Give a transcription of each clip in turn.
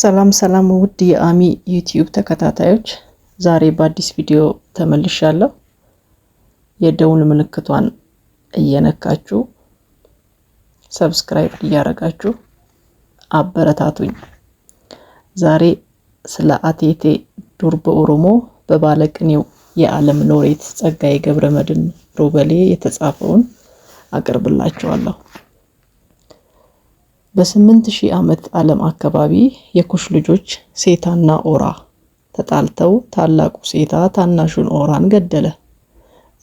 ሰላም ሰላም ውድ የአሚ ዩቲዩብ ተከታታዮች፣ ዛሬ በአዲስ ቪዲዮ ተመልሻለሁ። የደውል ምልክቷን እየነካችሁ ሰብስክራይብ እያረጋችሁ አበረታቱኝ። ዛሬ ስለ አቴቴ ዱርበ ኦሮሞ በባለቅኔው የዓለም ሎሬት ጸጋዬ መድን ሮበሌ የተጻፈውን አቅርብላችኋለሁ። በስምንት ሺህ ዓመት ዓለም አካባቢ የኩሽ ልጆች ሴታና ኦራ ተጣልተው ታላቁ ሴታ ታናሹን ኦራን ገደለ።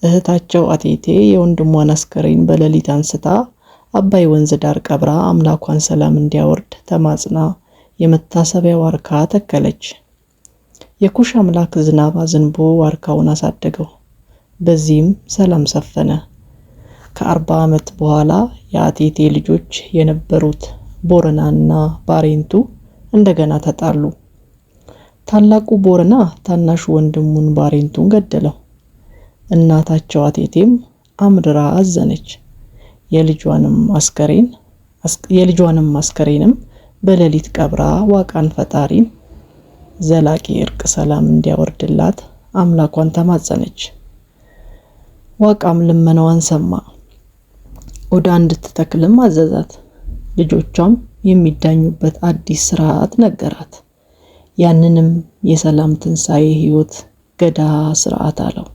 እህታቸው አቴቴ የወንድሟን አስከሬን በሌሊት አንስታ አባይ ወንዝ ዳር ቀብራ አምላኳን ሰላም እንዲያወርድ ተማጽና የመታሰቢያ ዋርካ ተከለች። የኩሽ አምላክ ዝናብ አዝንቦ ዋርካውን አሳደገው። በዚህም ሰላም ሰፈነ። ከአርባ ዓመት በኋላ የአቴቴ ልጆች የነበሩት ቦረናና ባሬንቱ እንደገና ተጣሉ። ታላቁ ቦረና ታናሹ ወንድሙን ባሬንቱን ገደለው። እናታቸው አቴቴም አምድራ አዘነች። የልጇንም አስከሬንም በሌሊት ቀብራ ዋቃን ፈጣሪን ዘላቂ እርቅ ሰላም እንዲያወርድላት አምላኳን ተማጸነች። ዋቃም ልመናዋን ሰማ። ኦዳ እንድትተክልም አዘዛት። ልጆቿም የሚዳኙበት አዲስ ስርዓት ነገራት። ያንንም የሰላም ትንሣኤ ሕይወት ገዳ ስርዓት አለው።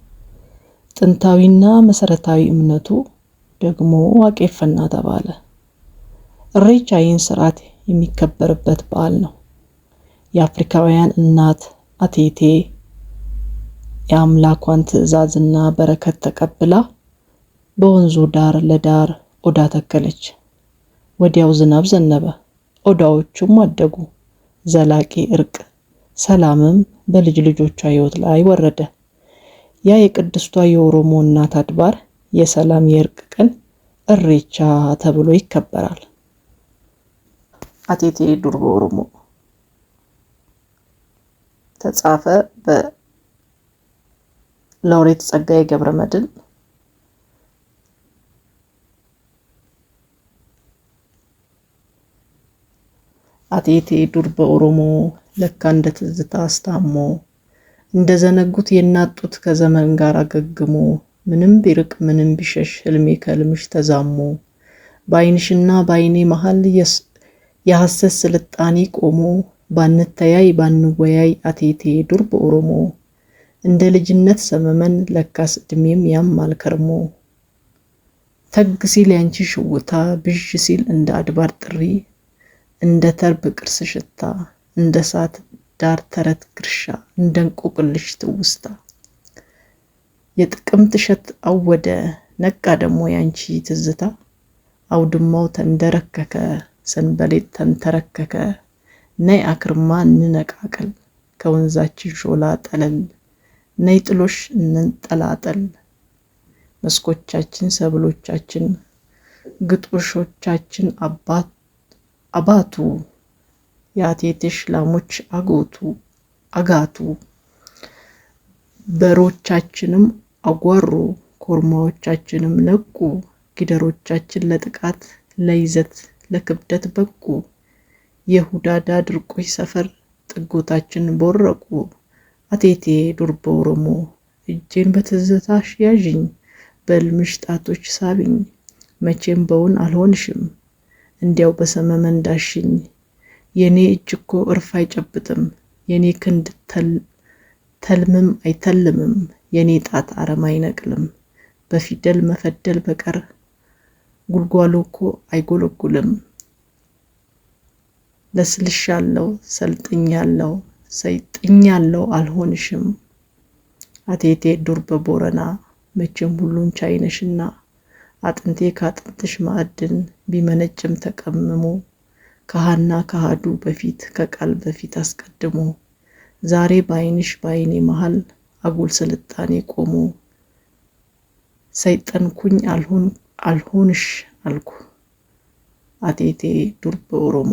ጥንታዊና መሰረታዊ እምነቱ ደግሞ ዋቄፈና ተባለ። እሬቻ ይህን ስርዓት የሚከበርበት በዓል ነው። የአፍሪካውያን እናት አቴቴ የአምላኳን ትእዛዝና በረከት ተቀብላ በወንዙ ዳር ለዳር ኦዳ ተከለች። ወዲያው ዝናብ ዘነበ፣ ኦዳዎቹም አደጉ። ዘላቂ እርቅ፣ ሰላምም በልጅ ልጆቿ ሕይወት ላይ ወረደ። ያ የቅድስቷ የኦሮሞ እናት አድባር የሰላም የእርቅ ቀን እሬቻ ተብሎ ይከበራል። አቴቴ ዱር ኦሮሞ ተጻፈ ለውሬት ጸጋዬ ገብረ መድኅን አጤቴ ዱር በኦሮሞ ለካ እንደ ትዝታ አስታሞ እንደ ዘነጉት የናጡት ከዘመን ጋር አገግሞ ምንም ቢርቅ ምንም ቢሸሽ ህልሜ ከልምሽ ተዛሞ በአይንሽና በአይኔ መሃል የሐሰት ስልጣኔ ቆሞ ባንተያይ ባንወያይ አቴቴ ዱር በኦሮሞ እንደ ልጅነት ሰመመን ለካስ ዕድሜም ያም አልከርሞ ተግ ሲል ያንቺ ሽውታ ብዥ ሲል እንደ አድባር ጥሪ እንደ ተርብ ቅርስ ሽታ፣ እንደ ሳት ዳር ተረት ግርሻ፣ እንደ እንቆቅልሽ ትውስታ የጥቅምት እሸት አወደ ነቃ ደግሞ ያንቺ ትዝታ አውድማው ተንደረከከ ሰንበሌት ተንተረከከ ነይ አክርማ እንነቃቀል ከወንዛችን ሾላ ጠለል ነይ ጥሎሽ እንንጠላጠል መስኮቻችን ሰብሎቻችን ግጦሾቻችን አባት አባቱ የአቴትሽ ላሞች አጎቱ አጋቱ በሮቻችንም አጓሩ ኮርማዎቻችንም ነቁ ጊደሮቻችን ለጥቃት ለይዘት ለክብደት በቁ የሁዳዳ ድርቆች ሰፈር ጥጎታችን ቦረቁ አቴቴ ዱር በኦሮሞ እጄን በትዝታሽ ያዥኝ በልምሽ ጣቶች ሳቢኝ መቼም በውን አልሆንሽም እንዲያው በሰመመ እንዳሽኝ የኔ እጅ እኮ እርፍ አይጨብጥም፣ የኔ ክንድ ተልምም አይተልምም፣ የኔ ጣት አረም አይነቅልም፣ በፊደል መፈደል በቀር ጉልጓሉ እኮ አይጎለጉልም። ለስልሻለው፣ ሰልጥኛለው፣ ሰይጥኛለው አልሆንሽም፣ አቴቴ ዱር በቦረና መቼም ሁሉን ቻይነሽና አጥንቴ ከአጥንትሽ ማዕድን ቢመነጭም ተቀምሞ ከሃና ከሃዱ በፊት ከቃል በፊት አስቀድሞ ዛሬ በዓይንሽ በዓይኔ መሃል አጉል ስልጣኔ ቆሞ ሰይጠንኩኝ አልሆንሽ አልኩ አቴቴ ዱር በኦሮሞ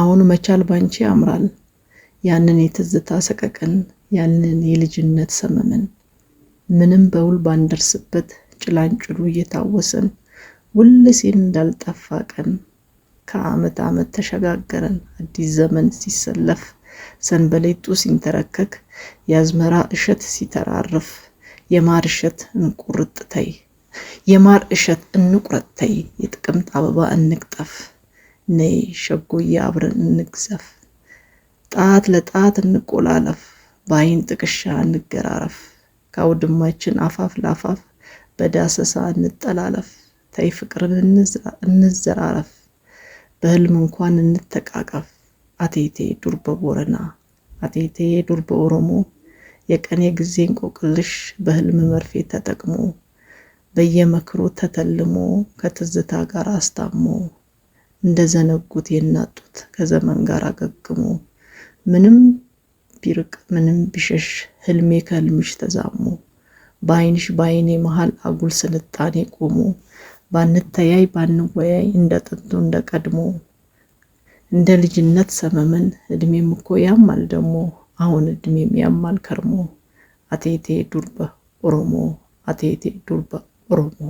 አሁን መቻል ባንቺ ያምራል ያንን የትዝታ ሰቀቀን ያንን የልጅነት ሰመመን ምንም በውል ባንደርስበት ጭላንጭሉ እየታወስን ውል ሲል እንዳልጠፋ ቀን ከዓመት ዓመት ተሸጋገረን አዲስ ዘመን ሲሰለፍ ሰንበሌጡ ሲንተረከክ የአዝመራ እሸት ሲተራርፍ የማር እሸት እንቁርጥተይ የማር እሸት እንቁረጥተይ የጥቅምት አበባ እንቅጠፍ ነይ ሸጎዬ አብረን እንግዘፍ ጣት ለጣት እንቆላለፍ በአይን ጥቅሻ እንገራረፍ ካውድማችን አፋፍ ላፋፍ በዳሰሳ እንጠላለፍ፣ ተይ ፍቅርን እንዘራረፍ፣ በህልም እንኳን እንተቃቀፍ። አቴቴ ዱር በቦረና አቴቴ ዱር በኦሮሞ የቀን የጊዜ እንቆቅልሽ በህልም መርፌ ተጠቅሞ በየመክሮ ተተልሞ ከትዝታ ጋር አስታሞ እንደ ዘነጉት የናጡት ከዘመን ጋር አገግሞ ምንም ቢርቅ ምንም ቢሸሽ ህልሜ ከህልምሽ ተዛሞ በአይንሽ በአይኔ መሃል አጉል ስልጣኔ ቆሞ ባንተያይ ባንወያይ እንደ ጥንቱ እንደ ቀድሞ እንደ ልጅነት ሰመመን እድሜም እኮ ያማል ደግሞ አሁን እድሜም ያማል ከርሞ አቴቴ ዱርበ ኦሮሞ አቴቴ ዱርበ ኦሮሞ